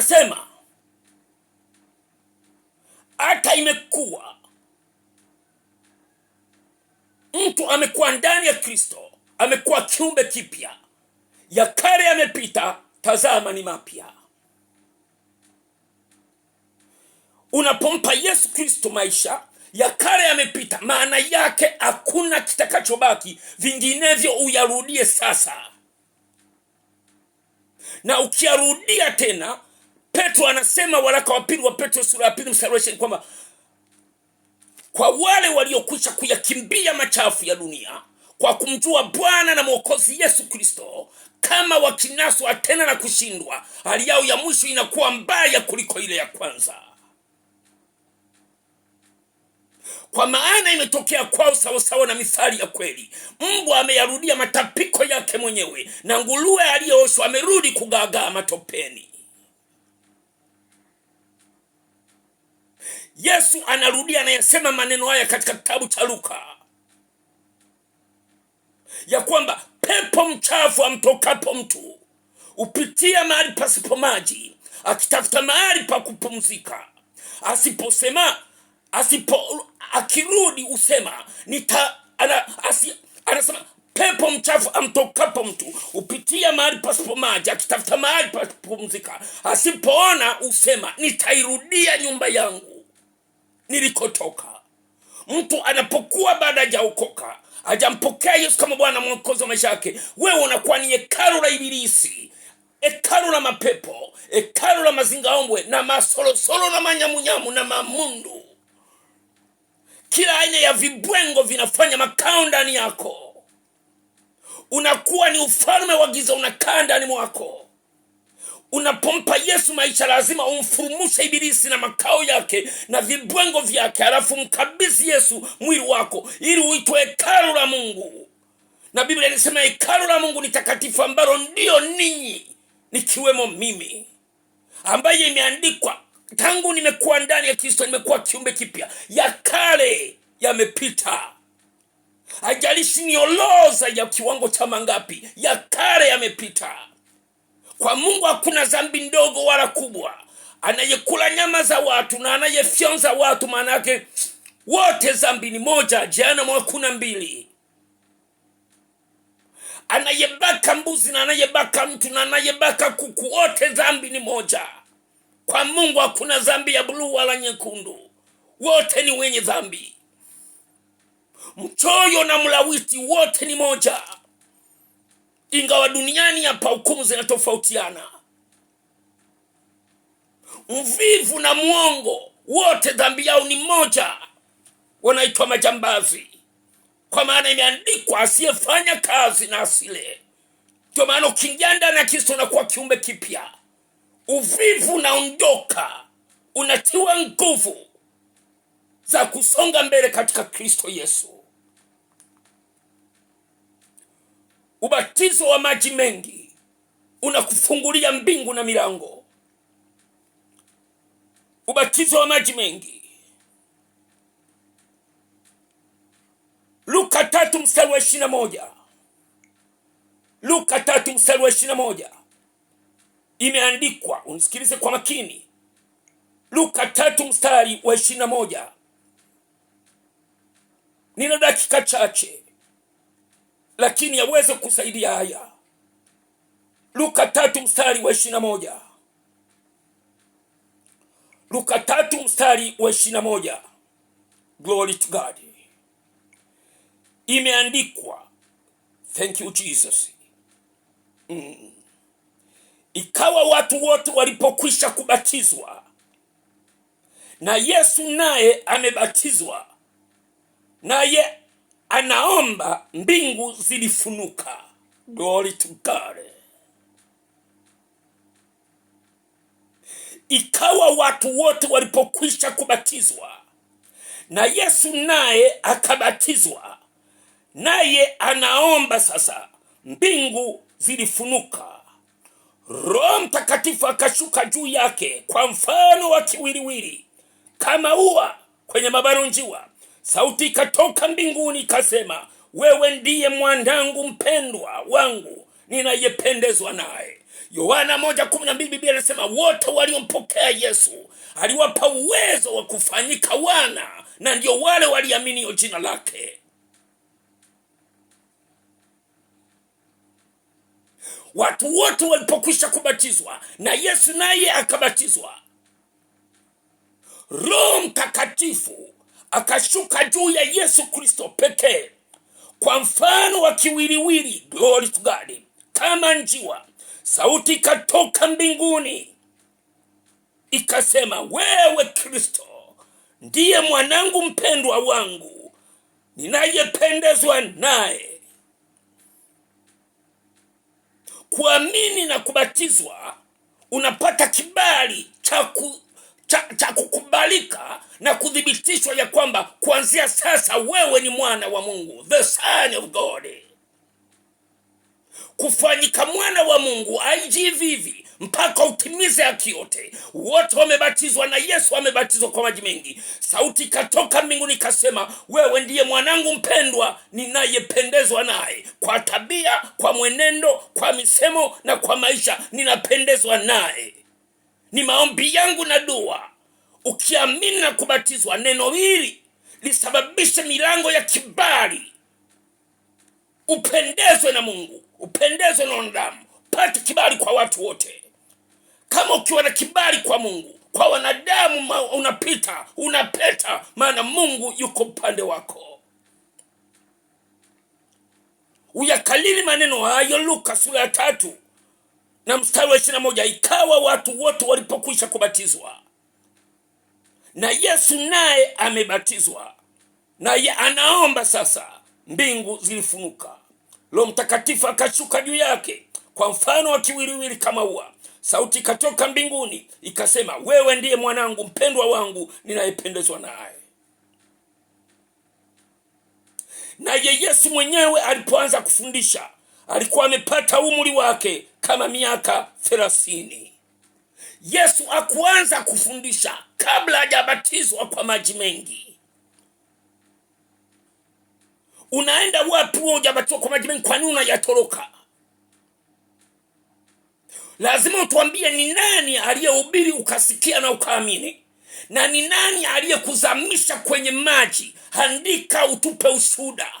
anasema hata imekuwa mtu amekuwa ndani ya Kristo, amekuwa kiumbe kipya, ya kale yamepita, tazama ni mapya. Unapompa Yesu Kristo maisha, ya kale yamepita, maana yake hakuna kitakachobaki, vinginevyo uyarudie sasa, na ukiyarudia tena Petro anasema waraka wa pili wa Petro sura ya pili mstari wa kwamba kwa wale waliokwisha kuyakimbia machafu ya dunia kwa kumjua Bwana na Mwokozi Yesu Kristo, kama wakinaswa tena na kushindwa, hali yao ya mwisho inakuwa mbaya kuliko ile ya kwanza, kwa maana imetokea kwao sawasawa na mithali ya kweli. Mbwa ameyarudia matapiko yake mwenyewe, na nguruwe aliyeoshwa amerudi kugaagaa matopeni. Yesu anarudia anayesema maneno haya katika kitabu cha Luka ya kwamba pepo mchafu amtokapo mtu upitia mahali pasipo maji akitafuta mahali pa kupumzika, asiposema asipo akirudi usema nita ana, asi, anasema pepo mchafu amtokapo mtu upitia mahali pasipo maji akitafuta mahali pa kupumzika, asipoona usema nitairudia nyumba yangu nilikotoka. Mtu anapokuwa baada hajaokoka hajampokea Yesu kama Bwana mwokozi wa maisha yake, wewe unakuwa ni hekalu la Ibilisi, hekalu la mapepo, hekalu la mazingaombwe na masolosolo na manyamunyamu na mamundu. Kila aina ya vibwengo vinafanya makao ndani yako, unakuwa ni ufalme wa giza unakaa ndani mwako. Unapompa Yesu maisha, lazima umfurumushe ibilisi na makao yake na vibwengo vyake, alafu mkabizi Yesu mwili wako ili uitwe hekalu la Mungu. Na Biblia inasema hekalu la Mungu ni takatifu, ambalo ndiyo ninyi nikiwemo mimi, ambaye imeandikwa tangu nimekuwa ndani ya Kristo nimekuwa kiumbe kipya, ya kale yamepita. Ajalishi nioloza ya kiwango cha mangapi, ya kale yamepita. Kwa Mungu hakuna dhambi ndogo wala kubwa. Anayekula nyama za watu na anayefyonza watu, maana yake wote dhambi ni moja, jehanamu mwakuna mbili. Anayebaka mbuzi na anayebaka mtu na anayebaka kuku, wote dhambi ni moja. Kwa Mungu hakuna dhambi ya buluu wala nyekundu, wote ni wenye dhambi. Mchoyo na mlawiti wote ni moja. Ingawa duniani hapa hukumu zinatofautiana, mvivu na mwongo wote dhambi yao ni moja, wanaitwa majambazi, kwa maana imeandikwa, asiyefanya kazi na asile. Ndio maana ukiingia ndani ya Kristo unakuwa kiumbe kipya, uvivu unaondoka, unatiwa nguvu za kusonga mbele katika Kristo Yesu. ubatizo wa maji mengi unakufungulia mbingu na milango. Ubatizo wa maji mengi, Luka tatu mstari wa ishirini na moja Luka tatu mstari wa ishirini na moja imeandikwa, unisikilize kwa makini. Luka tatu mstari wa ishirini na moja Nina dakika chache lakini yaweze kusaidia haya. Luka tatu mstari wa ishirini moja Luka tatu mstari wa ishirini moja Glory to God. Imeandikwa, thank you Jesus. Mm. Ikawa watu wote walipokwisha kubatizwa na Yesu naye amebatizwa, naye anaomba mbingu zilifunuka. Glory to God. Ikawa watu wote walipokwisha kubatizwa na Yesu naye akabatizwa, naye anaomba sasa, mbingu zilifunuka, Roho Mtakatifu akashuka juu yake kwa mfano wa kiwiliwili kama ua kwenye mabaronjiwa. Sauti ikatoka mbinguni ikasema, wewe ndiye mwandangu mpendwa wangu ninayependezwa naye. Yohana moja kumi na mbili Biblia anasema wote waliompokea Yesu aliwapa uwezo wa kufanyika wana, na ndio wale waliaminio jina lake. Watu wote walipokwisha kubatizwa na Yesu naye akabatizwa, Roho Mtakatifu akashuka juu ya Yesu Kristo pekee kwa mfano wa kiwiliwili, glory to God, kama njiwa. Sauti ikatoka mbinguni ikasema, wewe Kristo ndiye mwanangu mpendwa wangu ninayependezwa naye. Kuamini na kubatizwa unapata kibali cha cha, cha kukubalika na kuthibitishwa ya kwamba kuanzia sasa wewe ni mwana wa Mungu, the son of God. Kufanyika mwana wa Mungu haijivivi mpaka utimize haki yote. Wote wamebatizwa na Yesu amebatizwa kwa maji mengi. Sauti ikatoka mbinguni ikasema, wewe ndiye mwanangu mpendwa ninayependezwa naye. Kwa tabia, kwa mwenendo, kwa misemo na kwa maisha ninapendezwa naye ni maombi yangu na dua, ukiamini na kubatizwa, neno hili lisababishe milango ya kibali, upendezwe na Mungu, upendezwe na wanadamu, pate kibali kwa watu wote. Kama ukiwa na kibali kwa Mungu, kwa wanadamu unapita unapeta, maana Mungu yuko upande wako. Uyakalili maneno hayo, Luka sura ya tatu na mstari wa ishirini na moja ikawa watu wote walipokwisha kubatizwa na Yesu naye amebatizwa naye anaomba sasa, mbingu zilifunuka, Roho Mtakatifu akashuka juu yake kwa mfano wa kiwiliwili kama ua. Sauti ikatoka mbinguni ikasema, wewe ndiye mwanangu mpendwa wangu ninayependezwa naye. Naye Yesu mwenyewe alipoanza kufundisha alikuwa amepata umri wake kama miaka thelathini. Yesu akuanza kufundisha kabla hajabatizwa kwa maji mengi. Unaenda wapi wewe hujabatizwa kwa maji mengi? Kwa nini unayatoroka? Lazima utuambie ni nani aliyehubiri ukasikia na ukaamini, na ni nani aliyekuzamisha kwenye maji. Andika, utupe ushuda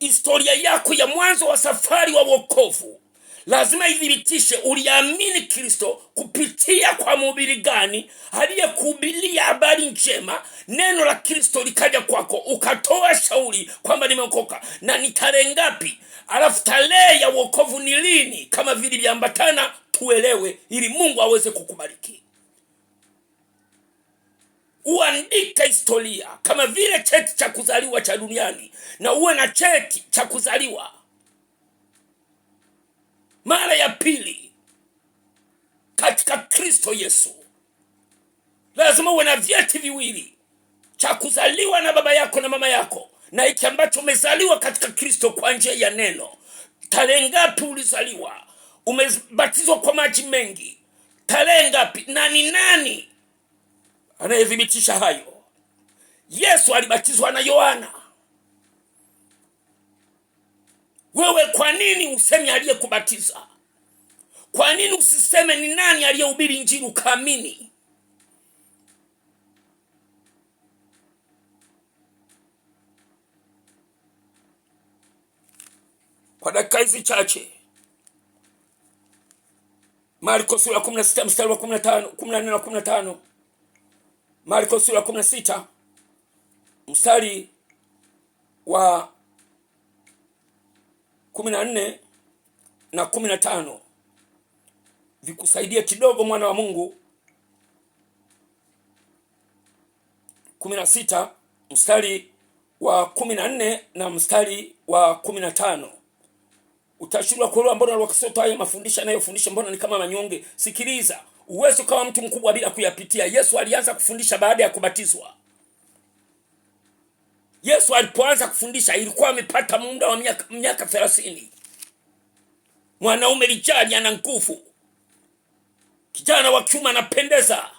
historia yako ya mwanzo wa safari wa wokovu lazima ithibitishe uliamini Kristo kupitia kwa mhubiri gani aliyekuhubiria habari njema. Neno la Kristo likaja kwako, ukatoa shauri kwamba nimeokoka na ni tarehe ngapi, alafu tarehe ya wokovu ni lini? Kama vile viambatana, tuelewe ili Mungu aweze kukubariki uandike historia kama vile cheti cha kuzaliwa cha duniani, na uwe na cheti cha kuzaliwa mara ya pili katika Kristo Yesu. Lazima uwe na vyeti viwili, cha kuzaliwa na baba yako na mama yako, na hiki ambacho umezaliwa katika Kristo kwa njia ya neno. Tarehe ngapi ulizaliwa? Umebatizwa kwa maji mengi tarehe ngapi? nani nani anayethibitisha hayo. Yesu alibatizwa na Yohana. Wewe kwa nini usemi aliyekubatiza? Kwa nini usiseme ni nani aliyehubiri injili ukaamini? Kwa dakika hizi chache, Marko sura ya 16 mstari wa 15, 14 na 15 Marko sura sita mstari wa 14 na 15 vikusaidia kidogo, mwana wa Mungu. 16 mstari wa 14 na mstari wa 15 utashindwa kuelewa, mbona wakisoto haya mafundisho anayofundisha mbona ni kama manyonge? Sikiliza, Huwezi ukawa mtu mkubwa bila kuyapitia. Yesu alianza kufundisha baada ya kubatizwa. Yesu alipoanza kufundisha ilikuwa amepata muda wa miaka, miaka thelathini. Mwanaume lijali, ana nguvu, kijana wa kiume anapendeza,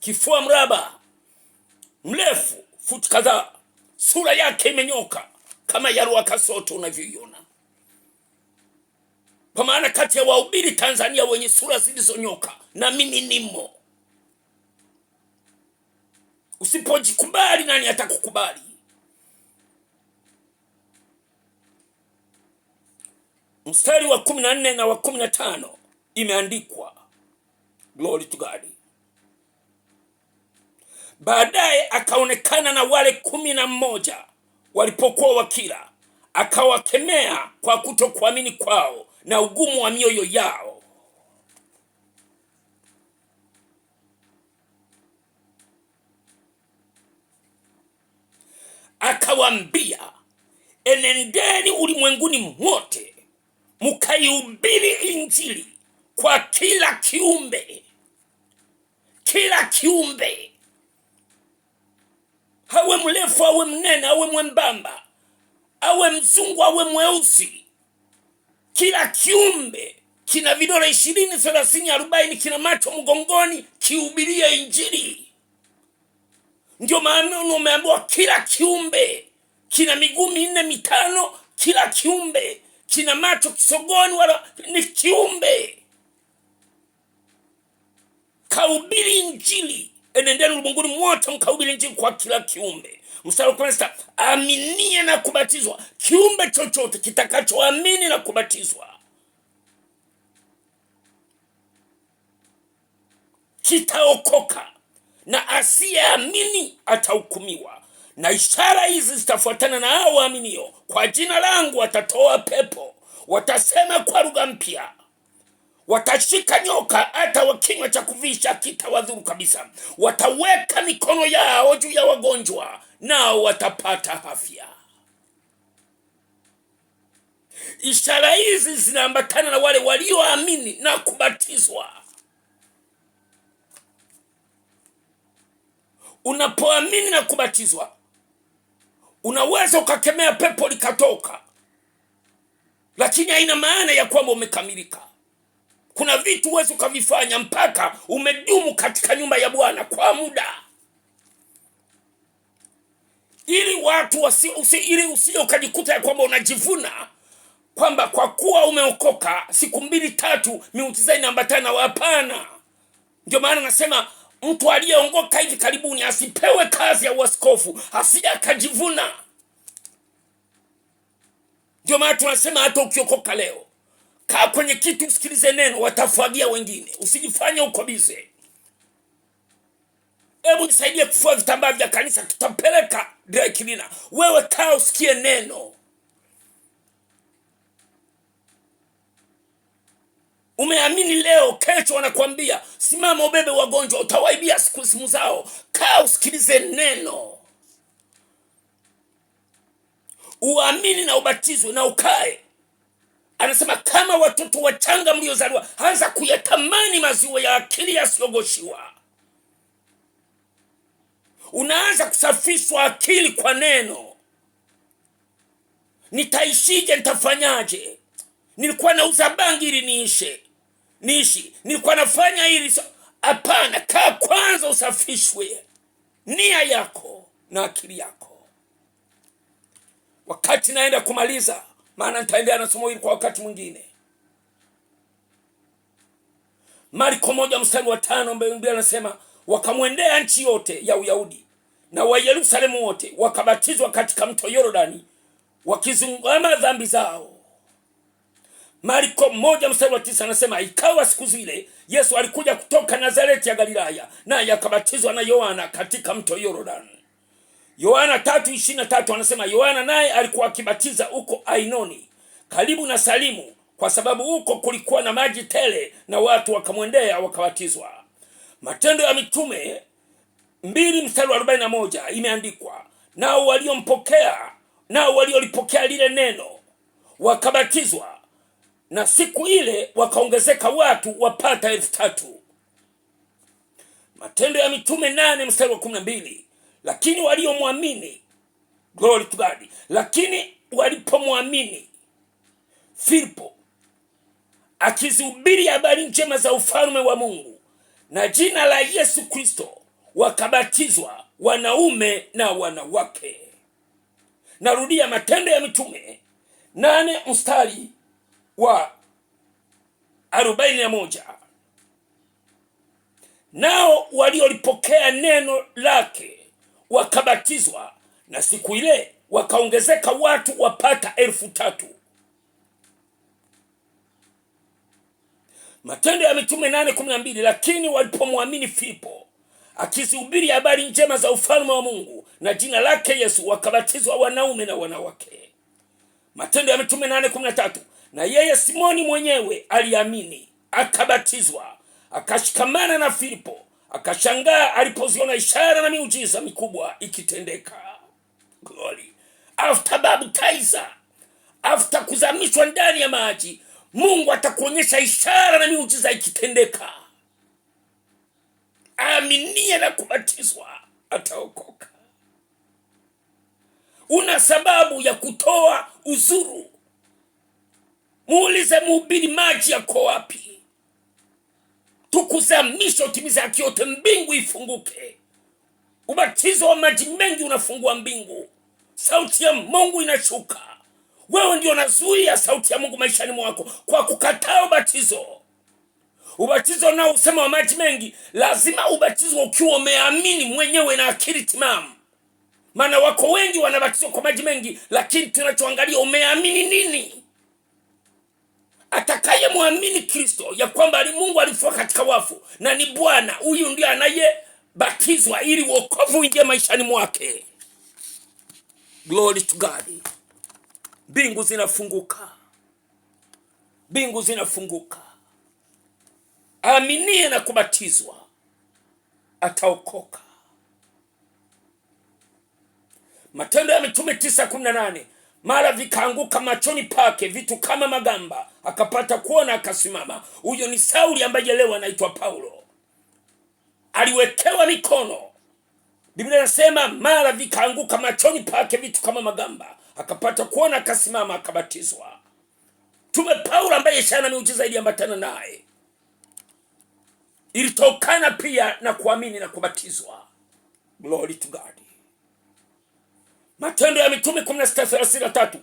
kifua mraba, mrefu futi kadhaa, sura yake imenyoka kama ya kasoto unavyoiona kwa maana kati ya wahubiri Tanzania wenye sura zilizonyoka na mimi nimo. Usipojikubali nani atakukubali? Mstari wa kumi na nne na wa kumi na tano imeandikwa glory to God. Baadaye akaonekana na wale kumi na mmoja walipokuwa wakila, akawakemea kwa kutokuamini kwao na ugumu wa mioyo yao. akawambia enendeni ulimwenguni mwote mkaihubiri Injili kwa kila kiumbe. Kila kiumbe, awe mrefu, awe mnene, awe mwembamba, awe mzungu, awe mweusi kila kiumbe kina vidole ishirini, thelathini, arobaini, kina macho mgongoni, kihubiria Injili. Ndio maana umeambiwa kila kiumbe kina miguu minne mitano, kila kiumbe kina macho kisogoni, wala ni kiumbe kaubiri Injili. Enendeni ulimwenguni mwote mkaubiri Injili kwa kila kiumbe mstari wa kumi na sita aminie na kubatizwa, kiumbe chochote kitakachoamini na kubatizwa kitaokoka na asiyeamini atahukumiwa. Na ishara hizi zitafuatana na hao waaminio, kwa jina langu watatoa pepo, watasema kwa lugha mpya, watashika nyoka, hata wakinywa cha kuvisha kitawadhuru kabisa, wataweka mikono yao juu ya wagonjwa nao watapata afya. Ishara hizi zinaambatana na wale walioamini na kubatizwa. Unapoamini na kubatizwa, unaweza ukakemea pepo likatoka, lakini haina maana ya kwamba umekamilika. Kuna vitu huwezi ukavifanya mpaka umedumu katika nyumba ya Bwana kwa muda ili watu wasi, usi, ili usije ukajikuta ya kwamba unajivuna kwamba kwa kuwa umeokoka siku mbili tatu miujiza inaambatana. Hapana, ndio maana nasema mtu aliyeongoka hivi karibuni asipewe kazi ya uaskofu, asija akajivuna. Ndio maana tunasema hata ukiokoka leo, kaa kwenye kitu, usikilize neno, watafuagia wengine, usijifanye uko bize. Hebu nisaidie kufua vitambaa vya kanisa, tutampeleka Drekilina. Wewe kaa usikie neno. Umeamini leo, kesho wanakuambia simama ubebe wagonjwa, utawaibia siku simu zao. Kaa usikilize neno, uamini na ubatizwe na ukae. Anasema kama watoto wachanga mliozaliwa, anza kuyatamani maziwa ya akili yasiyogoshiwa unaanza kusafishwa akili kwa neno. Nitaishije? Nitafanyaje? Nilikuwa nauza bangi ili niishe niishi, nilikuwa nafanya hili. Hapana, kaa kwanza, usafishwe nia yako na akili yako. Wakati naenda kumaliza, maana nitaendelea na somo hili kwa wakati mwingine. Marko moja mstari wa tano, Biblia anasema wakamwendea nchi yote ya Uyahudi na Wayerusalemu wote, wakabatizwa katika mto Yordani wakizungama dhambi zao. Marko moja mstari wa tisa anasema ikawa siku zile Yesu alikuja kutoka Nazareti ya Galilaya, naye akabatizwa na Yohana katika mto yorodani Yohana tatu tatu anasema Yohana naye alikuwa akibatiza huko Ainoni karibu na Salimu, kwa sababu huko kulikuwa na maji tele, na watu wakamwendea wakabatizwa. Matendo ya Mitume mbili mstari wa moja imeandikwa, nao waliompokea nao waliolipokea lile neno wakabatizwa, na siku ile wakaongezeka watu wapata elfu tatu. Matendo ya Mitume nane mstari wa mbili lakini waliomwamini glory to God, lakini walipomwamini Filipo akizihubiri habari njema za ufalme wa Mungu na jina la Yesu Kristo wakabatizwa wanaume na wanawake. Narudia Matendo ya Mitume nane mstari wa arobaini na moja nao waliolipokea neno lake wakabatizwa, na siku ile wakaongezeka watu wapata elfu tatu. Matendo ya Mitume nane lakini walipomwamini Filipo akizihubiri habari njema za ufalme wa Mungu na jina lake Yesu wakabatizwa wanaume na wanawake. Matendo ya Mitume nane na na yeye Simoni mwenyewe aliamini akabatizwa, akashikamana na Filipo akashangaa alipoziona ishara na miujiza mikubwa ikitendeka. Glory after baptizer, after kuzamishwa ndani ya maji Mungu atakuonyesha ishara na miujiza ikitendeka. Aaminie na kubatizwa ataokoka. Una sababu ya kutoa uzuru. Muulize mhubiri, maji yako wapi? Tukuzamisha, misho haki yote, mbingu ifunguke. Ubatizo wa maji mengi unafungua mbingu, sauti ya Mungu inashuka. Wewe ndio unazuia sauti ya Mungu maishani mwako kwa kukataa ubatizo. Ubatizo nao usema wa maji mengi, lazima ubatizwe ukiwa umeamini mwenyewe na akili timamu, maana wako wengi wanabatizwa kwa maji mengi, lakini tunachoangalia umeamini nini? Atakaye mwamini Kristo ya kwamba ali Mungu alifua katika wafu na ni Bwana, huyu ndiye anayebatizwa ili wokovu uingie maishani mwake. Glory to God. Mbingu zinafunguka, mbingu zinafunguka. Aaminie na kubatizwa ataokoka. Matendo ya Mitume 9:18 mara vikaanguka machoni pake vitu kama magamba, akapata kuona, akasimama. Huyo ni Sauli ambaye leo anaitwa Paulo, aliwekewa mikono. Biblia inasema mara vikaanguka machoni pake vitu kama magamba akapata kuona, akasimama, akabatizwa. tume Paulo ambaye ishara na miujiza iliambatana naye ilitokana pia na kuamini na kubatizwa. Glory to God. Matendo ya Mitume 16:33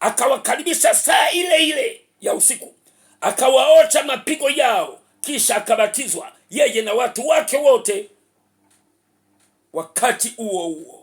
akawakaribisha saa ile ile ya usiku, akawaocha mapigo yao, kisha akabatizwa yeye na watu wake wote wakati huo huo.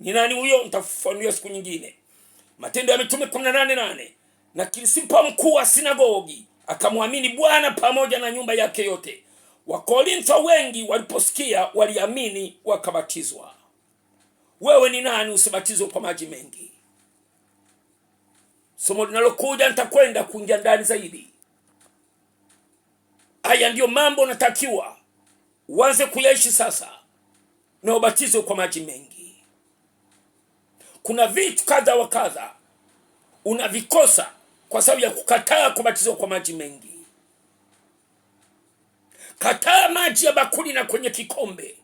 Ni nani huyo? Nitafafanua siku nyingine. Matendo ya Mitume 18:8 na Kirisipa mkuu wa sinagogi akamwamini Bwana pamoja na nyumba yake yote. Wakorintho wengi waliposikia waliamini wakabatizwa. Wewe ni nani usibatizwe kwa maji mengi? Somo linalokuja nitakwenda kuingia ndani zaidi. Haya ndiyo mambo natakiwa uanze kuyaishi sasa, na ubatizwe kwa maji mengi kuna vitu kadha wa kadha unavikosa kwa sababu ya kukataa kubatizwa kwa maji mengi. Kataa maji ya bakuli na kwenye kikombe,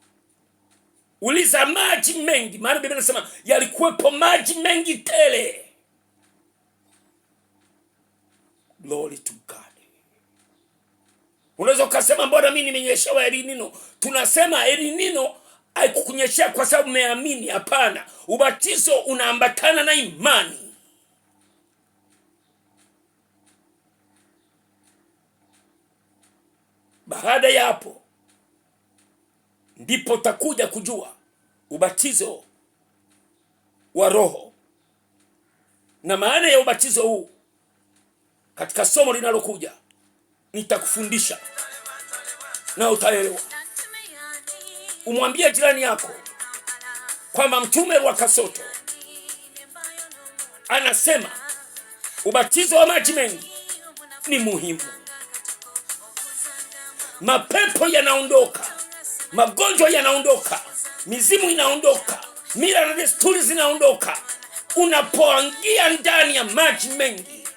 uliza maji mengi, maana bibi anasema yalikuwepo maji mengi tele. Glory to God. Unaweza ukasema mbona mi nimenyeshewa elinino Tunasema elinino haikukunyeshea kwa sababu umeamini. Hapana, ubatizo unaambatana na imani. Baada ya hapo ndipo utakuja kujua ubatizo wa Roho na maana ya ubatizo huu. Katika somo linalokuja nitakufundisha na utaelewa umwambie jirani yako kwamba Mtume wa kasoto anasema ubatizo wa maji mengi ni muhimu. Mapepo yanaondoka, magonjwa yanaondoka, mizimu inaondoka, mila na desturi zinaondoka unapoangia ndani ya maji mengi.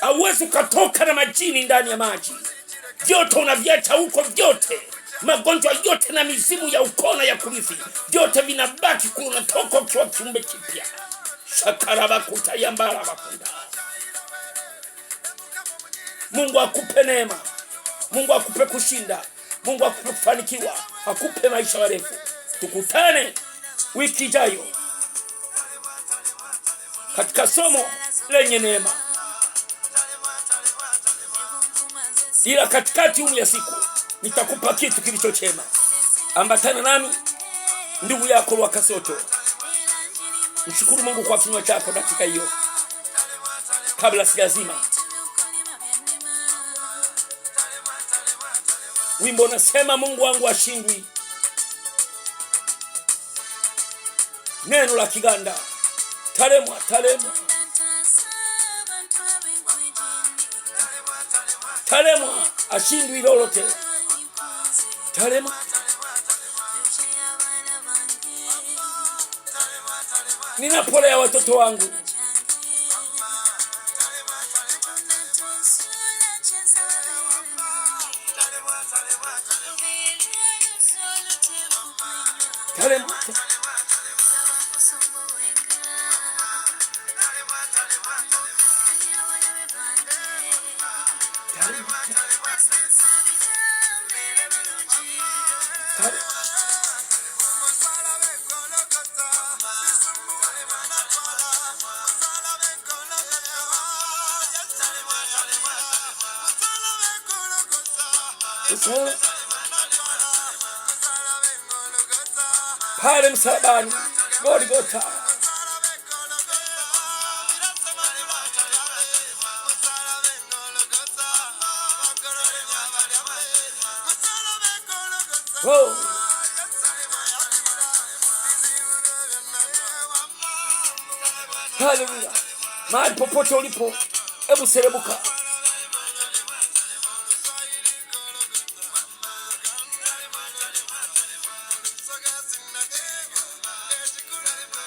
Hauwezi ukatoka na majini ndani ya maji, vyote unaviacha huko, vyote magonjwa yote na mizimu ya ukona ya kurithi, vyote vinabaki kunatoka ukiwa kiumbe kipya. shakarabakutayambaravakunda Mungu akupe neema, Mungu akupe kushinda, Mungu akupe kufanikiwa, akupe maisha marefu. Tukutane wiki ijayo katika somo lenye neema, ila katikati umu ya siku nitakupa kitu kilichochema. Ambatana nami ndugu yako wa Kasoto, Mshukuru Mungu kwa kinywa chako dakika hiyo, kabla sijazima wimbo. Nasema Mungu wangu ashindwi wa neno la Kiganda, talemwa talemwa talemwa, ashindwi lolote Talema ninapolea watoto wangu Talema Sabani, Gorgota. Oh. Haleluya. Mahali popote ulipo, hebu serebuka.